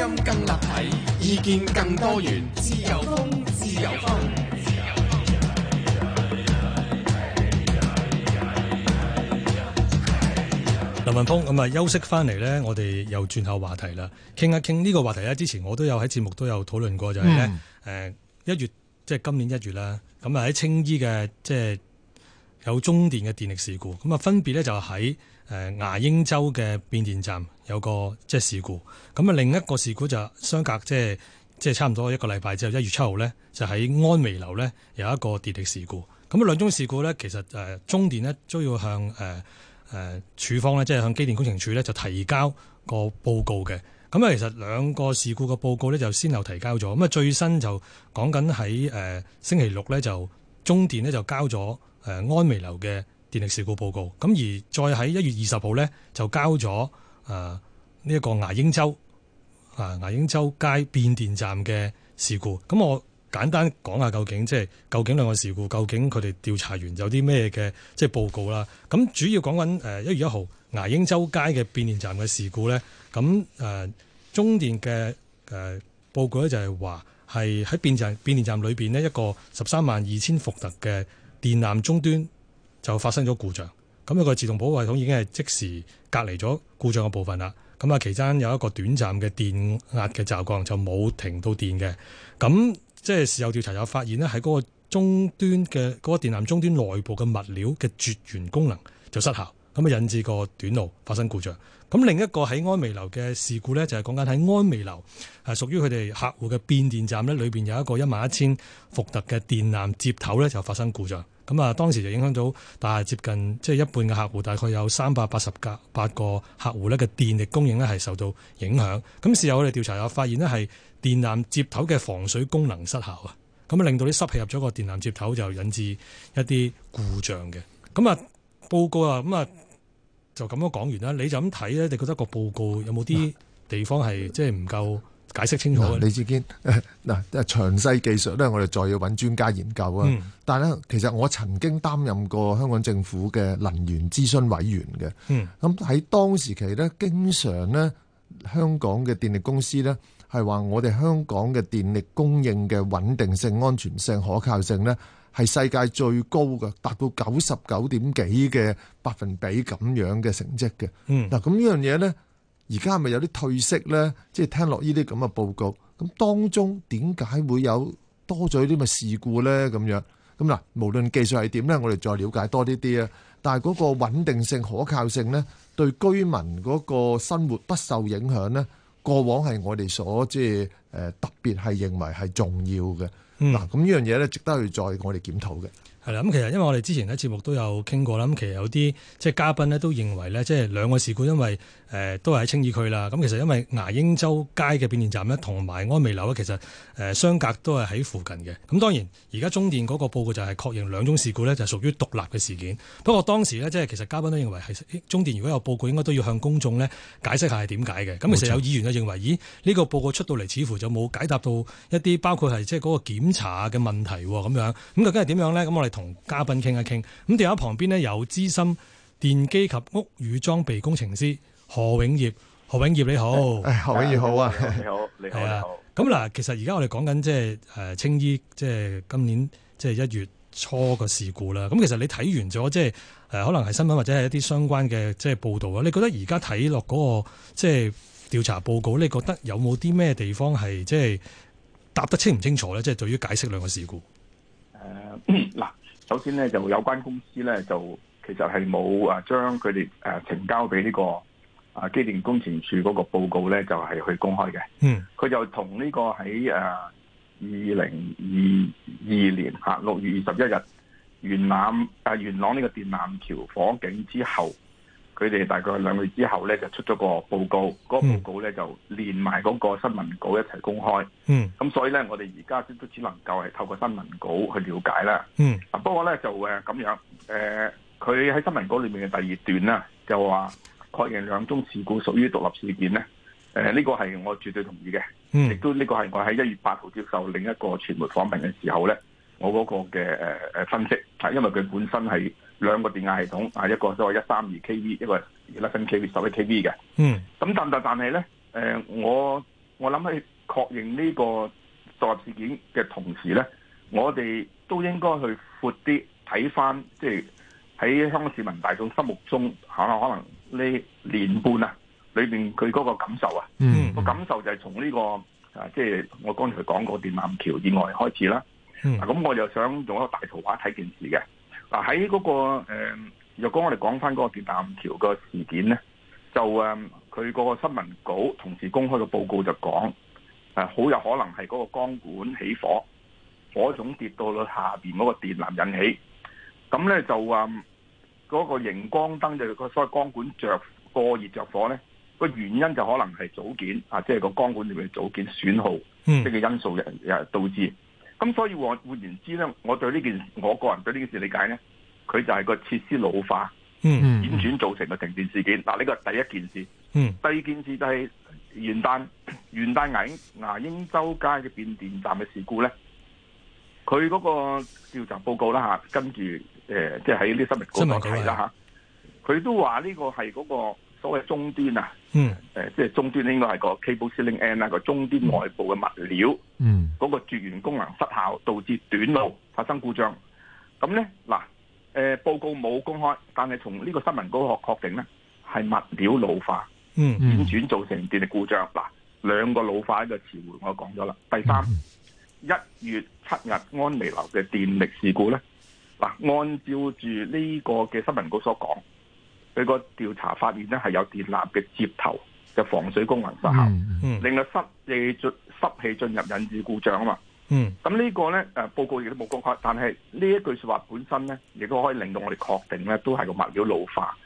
音更立體，意見更多元，自由風，自由風。自由風自由風林文峰，咁啊，休息翻嚟呢，我哋又轉下話題啦，傾一傾呢個話題咧。之前我都有喺節目都有討論過，就係呢誒，一月即係今年一月啦，咁啊喺青衣嘅即係有中電嘅電力事故，咁啊分別呢，就喺。誒牙英州嘅變電站有個即係事故，咁啊另一個事故就相隔即係即係差唔多一個禮拜之後，一月七號呢就喺安微樓呢有一個電力事故。咁兩宗事故呢，其實中電呢都要向誒誒、呃、處方呢即係向機電工程署呢就提交個報告嘅。咁啊，其實兩個事故個報告呢就先後提交咗。咁啊，最新就講緊喺星期六呢，就中電呢就交咗安微樓嘅。電力事故報告，咁而再喺一月二十號呢，就交咗誒呢一個牙英洲啊，牙英洲街變電站嘅事故。咁我簡單講下究竟即係、就是、究竟兩個事故，究竟佢哋調查完有啲咩嘅即係報告啦。咁主要講緊誒一月一號牙英洲街嘅變電站嘅事故呢。咁誒、呃、中電嘅誒報告咧就係話係喺變站變電站裏邊呢，一個十三萬二千伏特嘅電纜終端。就發生咗故障，咁、那、呢個自動保護系統已經係即時隔離咗故障嘅部分啦。咁啊，期間有一個短暫嘅電壓嘅驟降，就冇停到電嘅。咁即係事後調查又發現呢喺嗰個終端嘅嗰、那個電纜終端內部嘅物料嘅絕緣功能就失效，咁啊引致個短路發生故障。咁另一個喺安微樓嘅事故呢，就係講緊喺安微樓係、啊、屬於佢哋客戶嘅變電站呢裏邊有一個一萬一千伏特嘅電纜接頭呢，就發生故障。咁啊，當時就影響到，大廈接近即係一半嘅客戶，大概有三百八十八個客戶咧嘅電力供應咧係受到影響。咁事後我哋調查又發現呢係電纜接頭嘅防水功能失效啊，咁啊令到啲濕氣入咗個電纜接頭就引致一啲故障嘅。咁啊報告啊咁啊就咁樣講完啦。你就咁睇咧，你覺得個報告有冇啲地方係即係唔夠？解釋清楚。李志堅嗱，詳細技術咧，我哋再要揾專家研究啊。但係咧，其實我曾經擔任過香港政府嘅能源諮詢委員嘅。咁喺當時期咧，經常咧，香港嘅電力公司咧係話，我哋香港嘅電力供應嘅穩定性、安全性、可靠性咧係世界最高嘅，達到九十九點幾嘅百分比咁樣嘅成績嘅。嗱，咁呢樣嘢咧。而家係咪有啲褪色咧？即係聽落呢啲咁嘅報告，咁當中點解會有多咗啲咁嘅事故咧？咁樣咁嗱，無論技術係點咧，我哋再了解多啲啲啊。但係嗰個穩定性、可靠性咧，對居民嗰個生活不受影響咧，過往係我哋所即係誒特別係認為係重要嘅嗱。咁呢樣嘢咧，值得去再我哋檢討嘅。係啦，咁其實因為我哋之前咧節目都有傾過啦，咁其實有啲即係嘉賓咧都認為咧，即係兩個事故因為，誒都係喺青衣區啦。咁其實因為牙英洲街嘅變電站呢，同埋安美樓呢，其實誒相隔都係喺附近嘅。咁當然而家中電嗰個報告就係確認兩宗事故呢，就屬於獨立嘅事件。不過當時呢，即係其實嘉賓都認為係中電如果有報告，應該都要向公眾呢解釋下係點解嘅。咁其實有議員就認為，咦呢個報告出到嚟，似乎就冇解答到一啲包括係即係嗰個檢查嘅問題咁樣。咁究竟係點樣呢？咁我哋同嘉賓傾一傾。咁電話旁邊呢，有資深電機及屋宇裝備工程師。何永業，何永業你好，哎、何永業好啊，你好，你好，啊。咁、哎、嗱、哎哎，其實而家我哋講緊即係誒，青衣即係今年即係一月初個事故啦。咁其實你睇完咗即係誒，可能係新聞或者係一啲相關嘅即係報道啊。你覺得而家睇落嗰個即係調查報告，你覺得有冇啲咩地方係即係答得清唔清楚咧？即係對於解釋兩個事故。誒、呃，嗱，首先呢，就有關公司咧就其實係冇啊，將佢哋誒呈交俾呢、這個。啊！機電工程署嗰個報告咧，就係、是、去公開嘅。嗯，佢就同呢個喺誒二零二二年吓六月二十一日元朗啊，元朗呢個電纜橋火警之後，佢哋大概兩月之後咧，就出咗個報告。嗰、嗯那個、報告咧就連埋嗰個新聞稿一齊公開。嗯，咁所以咧，我哋而家都都只能夠係透過新聞稿去了解啦。嗯，不過咧就咁樣誒，佢、呃、喺新聞稿裏面嘅第二段啦，就話。確認兩宗事故屬於獨立事件咧，誒、呃、呢、呢個係我絕對同意嘅，亦、mm. 都呢個係我喺一月八號接受另一個傳媒訪問嘅時候咧，我嗰個嘅、呃、分析，因為佢本身係兩個電壓系統，啊一個所謂一三二 KV，一個二一分 KV，十一 KV 嘅，嗯、mm.，咁但就但係咧，誒我我諗喺確認呢個獨立事件嘅同時咧，我哋都應該去闊啲睇翻，即係喺香港市民大眾心目中可能。呢年半啊，裏邊佢嗰個感受啊，個、mm. 感受就係從呢、這個啊，即、就、係、是、我剛才講過電纜橋意外開始啦。咁、mm. 啊、我又想用一個大圖畫睇件事嘅。嗱喺嗰個若、嗯、果我哋講返嗰個電纜橋個事件咧，就誒佢個新聞稿同時公開個報告就講，誒、啊、好有可能係嗰個鋼管起火火種跌到咗下邊嗰個電纜引起，咁咧就話。啊嗰、嗰個熒光燈就個所謂光管着過熱着火咧，呢個原因就可能係組件啊，即係個光管裏面嘅組件損耗，嗯、即係因素、啊、導致。咁所以換言之咧，我對呢件，我個人對呢件事理解咧，佢就係個設施老化、嗯、輾轉造成嘅停電事件。嗱，呢個係第一件事。嗯，第二件事就係元旦，元旦銀牙英洲街嘅變電站嘅事故咧，佢嗰個調查報告啦，吓，跟住誒、呃，即係喺啲新聞嗰個睇啦嚇，佢都話呢個係嗰個所謂終端啊，誒、嗯呃，即係終端應該係個 cable sealing end 啦、啊，個終端外部嘅物料，嗰、嗯那個絕緣功能失效導致短路發生故障。咁咧嗱，誒、呃、報告冇公開，但係從呢個新聞稿確確定咧係物料老化，輾、嗯、轉，轉造成電力故障。嗱，兩個老化一個詞彙我講咗啦。第三，一、嗯、月七日安湄樓嘅電力事故咧。嗱，按照住呢個嘅新聞稿所講，佢個調查發現咧係有電纜嘅接頭嘅防水功能失效，mm-hmm. 令到濕氣進濕氣進入引致故障啊嘛。嗯、mm-hmm.，咁呢個咧誒報告亦都冇公開，但係呢一句說話本身咧，亦都可以令到我哋確定咧都係個物料老化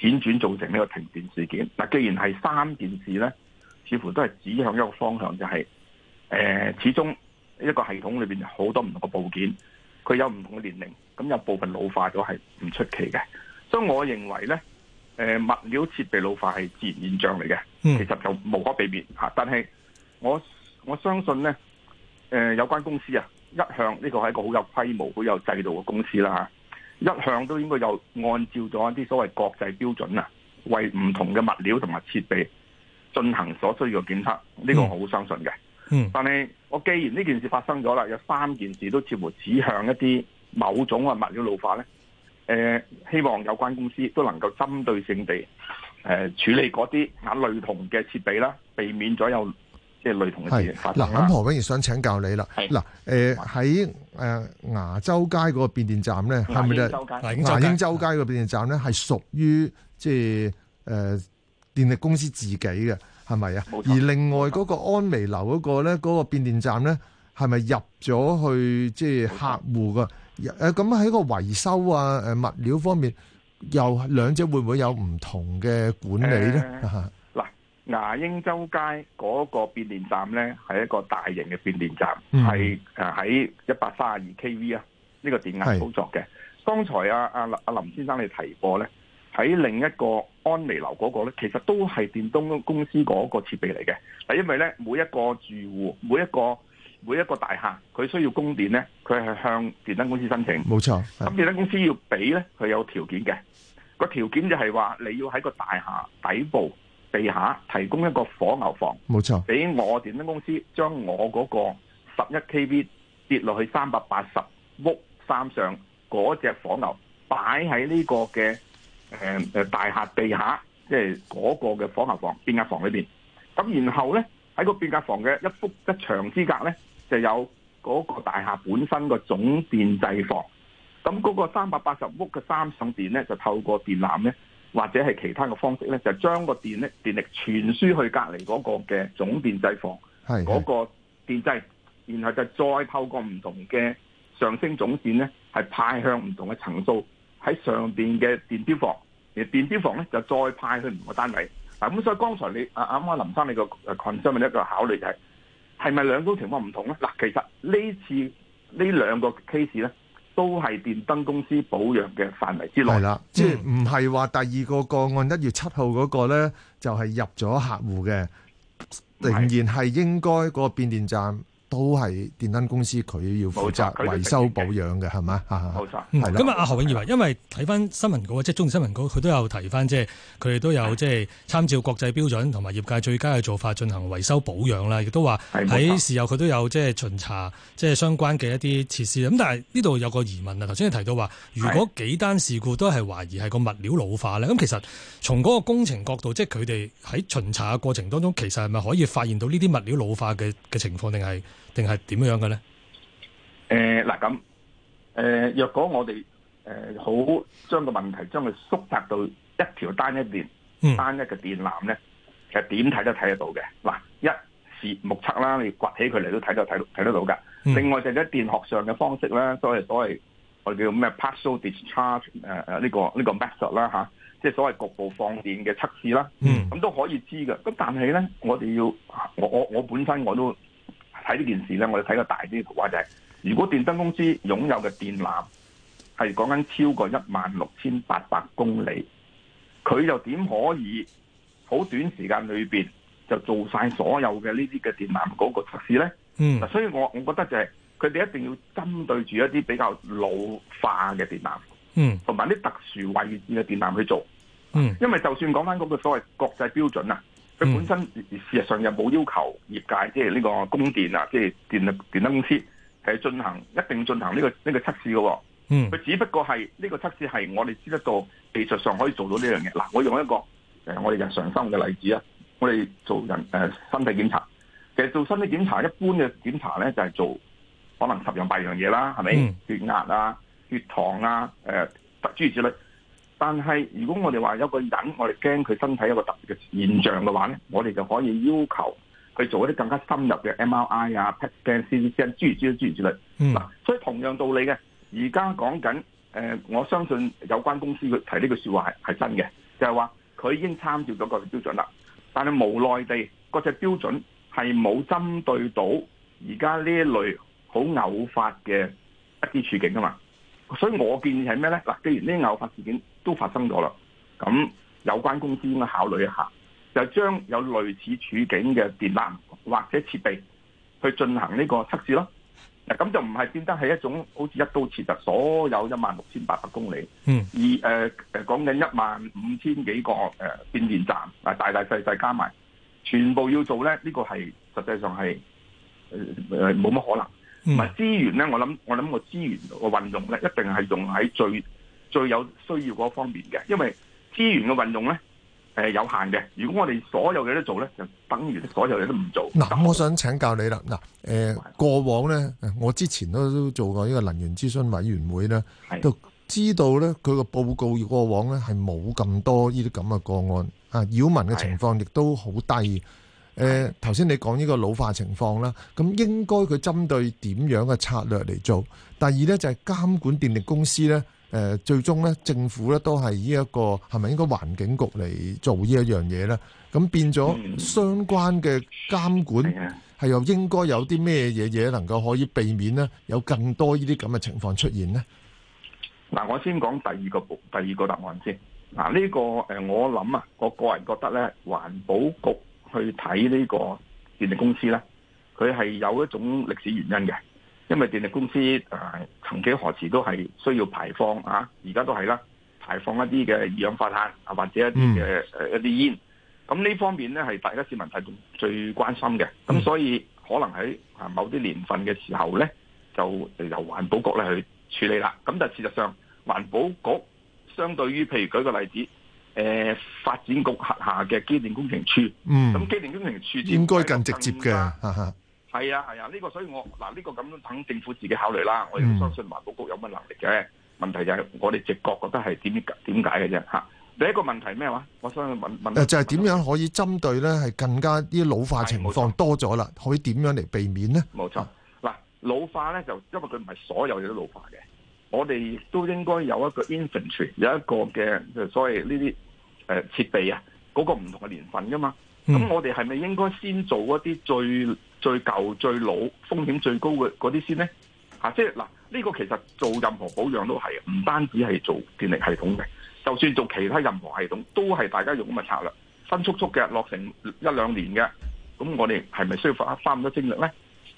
輾轉造成呢個停電事件。嗱，既然係三件事咧，似乎都係指向一個方向，就係、是、誒、呃，始終一個系統裏邊好多唔同嘅部件。佢有唔同嘅年齡，咁有部分老化都係唔出奇嘅，所以我認為呢誒物料設備老化係自然現象嚟嘅，其實就無可避免吓。但係我我相信呢誒有關公司啊，一向呢個係一個好有規模、好有制度嘅公司啦，吓一向都應該有按照咗一啲所謂國際標準啊，為唔同嘅物料同埋設備進行所需要嘅檢測，呢個我好相信嘅。嗯，但係我既然呢件事發生咗啦，有三件事都似乎指向一啲某種嘅物料老化咧。誒、呃，希望有關公司都能夠針對性地誒、呃、處理嗰啲類同嘅設備啦，避免咗有即係類同嘅事情發生啦。嗱，何永業，不如想請教你啦。係嗱，誒喺誒牙洲街嗰個變電站咧，係咪就牙鷹洲街個變電站咧？係屬於即係誒電力公司自己嘅。係咪啊？而另外嗰個安微樓嗰個咧，嗰、那個變電站咧，係咪入咗去即係客戶噶？誒，咁、啊、喺個維修啊，誒物料方面，又兩者會唔會有唔同嘅管理咧？嗱、嗯 啊，牙英洲街嗰個變電站咧，係一個大型嘅變電站，係誒喺一百三十二 kV 啊，呢個電壓操作嘅。剛才阿阿阿林先生你提過咧。喺另一個安微樓嗰個咧，其實都係電燈公司嗰個設備嚟嘅。嗱，因為咧每一個住戶、每一個每一個大廈，佢需要供電咧，佢係向電燈公司申請。冇錯，咁電燈公司要俾咧，佢有條件嘅。個條件就係話，你要喺個大廈底部地下提供一個火牛房。冇錯，俾我電燈公司將我嗰個十一 kv 跌落去三百八十屋三上嗰隻火牛擺喺呢個嘅。誒、呃、誒，大廈地下即係嗰個嘅房客房變壓房裏邊，咁然後咧喺個變壓房嘅一幅一牆之隔咧，就有嗰個大廈本身個總電制房，咁嗰個三百八十屋嘅三省電咧，就透過電纜咧，或者係其他嘅方式咧，就將個電咧電力傳輸去隔籬嗰個嘅總電制房，係嗰個電制，然後就再透過唔同嘅上升總線咧，係派向唔同嘅層數。喺上邊嘅電表房，而電表房咧就再派去唔同嘅單位。嗱、啊、咁，所以剛才你啊啱啱林生你個群商嘅一個考慮就係、是，係咪兩種情況唔同咧？嗱、啊，其實呢次呢兩個 case 咧，都係電燈公司保養嘅範圍之內。啦、嗯，即係唔係話第二個個案一月七號嗰個咧，就係、是、入咗客戶嘅，仍然係應該個變電站。都係電燈公司佢要負責維修保養嘅係咪嚇？冇錯，錯，嗯。咁啊，阿何永業話，因為睇翻新聞稿，即係中電新聞稿，佢都有提翻，即係佢哋都有即係參照國際標準同埋業界最佳嘅做法進行維修保養啦。亦都話喺事後佢都有即係巡查，即係相關嘅一啲設施。咁但係呢度有個疑問啊，頭先你提到話，如果幾單事故都係懷疑係個物料老化咧，咁其實從嗰個工程角度，即係佢哋喺巡查嘅過程當中，其實係咪可以發現到呢啲物料老化嘅嘅情況，定係？定係點樣嘅咧？誒、呃，嗱，咁，誒、呃，若果我哋誒、呃、好將個問題將佢縮窄到一條單一電、嗯、單一嘅電纜咧，其實點睇都睇得到嘅。嗱、啊，一是目測啦，你掘起佢嚟，都睇到睇睇得到噶、嗯。另外就啲電學上嘅方式咧，所謂所謂我哋叫咩 partial discharge 誒誒呢個呢、這個 method 啦，吓、啊，即係所謂局部放電嘅測試啦。咁、嗯、都可以知㗎。咁但係咧，我哋要我我我本身我都。睇呢件事咧，我哋睇個大啲嘅話就係，如果電燈公司擁有嘅電纜係講緊超過一萬六千八百公里，佢又點可以好短時間裏邊就做晒所有嘅呢啲嘅電纜嗰個測試咧？嗯、mm.，所以我我覺得就係佢哋一定要針對住一啲比較老化嘅電纜，嗯，同埋啲特殊位置嘅電纜去做，嗯、mm.，因為就算講翻嗰個所謂國際標準啊。佢本身事實上又冇要求業界，即係呢個供電啊，即係電力電燈公司係進行一定進行呢、這個呢、這個測試嘅、哦。佢 只不過係呢、這個測試係我哋知得到技術上可以做到呢樣嘢。嗱，我用一個誒、呃、我哋日常生活嘅例子啊，我哋做人誒、呃、身體檢查，其實做身體檢查一般嘅檢查咧就係、是、做可能十樣八樣嘢啦，係咪？ 血壓啊、血糖啊、誒、呃、特殊指數但係，如果我哋話有一個人，我哋驚佢身體有一個特別嘅現象嘅話咧，我哋就可以要求去做一啲更加深入嘅 MRI 啊、pet scan、啊、CT scan、諸如之類、嗯，嗱、啊，所以同樣道理嘅，而家講緊，誒、呃，我相信有關公司佢提呢句說話係係真嘅，就係話佢已經參照咗國際標準啦，但係無奈地，國際標準係冇針對到而家呢一類好偶發嘅一啲處境啊嘛。所以我建議係咩咧？嗱，既然呢啲偶發事件都發生咗啦，咁有關公司應該考慮一下，就將有類似處境嘅電纜或者設備去進行呢個測試咯。咁就唔係變得係一種好似一刀切，就所有一萬六千八百公里，嗯，而誒誒講緊一萬五千幾個誒變電站，啊，大大細細加埋，全部要做咧，呢個係實際上係誒冇乜可能。咪、嗯、資源咧，我諗我諗個資源個運用咧，一定係用喺最最有需要嗰方面嘅，因為資源嘅運用咧，誒有限嘅。如果我哋所有嘢都做咧，就等於所有嘢都唔做。嗱、嗯，我想請教你啦，嗱、呃、誒過往咧，我之前都做過呢個能源諮詢委員會咧，就知道咧佢個報告過往咧係冇咁多呢啲咁嘅個案，啊擾民嘅情況亦都好低。誒頭先你講呢個老化情況啦，咁應該佢針對點樣嘅策略嚟做？第二呢就係監管電力公司呢。誒，最終呢政府呢都係呢一個係咪應該環境局嚟做呢一樣嘢呢？咁變咗相關嘅監管係又應該有啲咩嘢嘢能夠可以避免呢？有更多呢啲咁嘅情況出現呢？嗱，我先講第二個部第二個答案先嗱。呢個誒，我諗啊，我個人覺得呢，環保局。去睇呢個電力公司呢，佢係有一種歷史原因嘅，因為電力公司誒曾幾何時都係需要排放啊，而家都係啦，排放一啲嘅二氧化碳啊，或者一啲嘅誒一啲煙。咁呢方面呢，係大家市民係最關心嘅，咁所以可能喺啊某啲年份嘅時候呢，就由環保局咧去處理啦。咁但係事實上，環保局相對於譬如舉個例子。誒、呃、發展局轄下嘅機電工程處，嗯，咁機電工程處應該更直接嘅，嚇嚇，係啊係啊，呢、啊啊這個所以我嗱呢、啊這個咁樣等政府自己考慮啦。我亦相信環保局有乜能力嘅、嗯、問題就係我哋直覺覺得係點點解嘅啫嚇。第一個問題咩話？我相信問問就係、是、點樣可以針對咧係更加啲老化情況多咗啦，可以點樣嚟避免呢？冇錯，嗱、啊、老化咧就因為佢唔係所有嘢都老化嘅，我哋都應該有一個 infantry 有一個嘅，就所謂呢啲。誒、呃，設備啊，嗰、那個唔同嘅年份噶嘛，咁我哋係咪應該先做一啲最最舊最老風險最高嘅嗰啲先呢？即係嗱，呢、就是啊這個其實做任何保養都係唔單止係做電力系統嘅，就算做其他任何系統都係大家用咁嘅策略，分速速嘅落成一兩年嘅，咁我哋係咪需要花花咁多精力呢？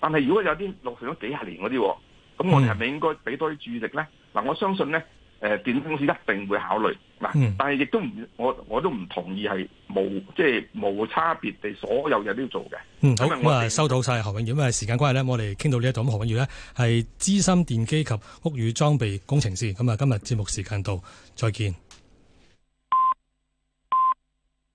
但係如果有啲落成咗幾廿年嗰啲，咁我哋係咪應該俾多啲注意力呢？嗱、啊，我相信呢。誒、呃，電訊公司一定會考慮嗱，但係亦都唔，我我都唔同意係無即係無差別地所有嘢都要做嘅。嗯，好啊、嗯嗯，收到晒何永業，因為時間關係呢，我哋傾到呢一度，咁何永業呢，係資深電機及屋宇裝備工程師。咁啊，今日節目時間到，再見。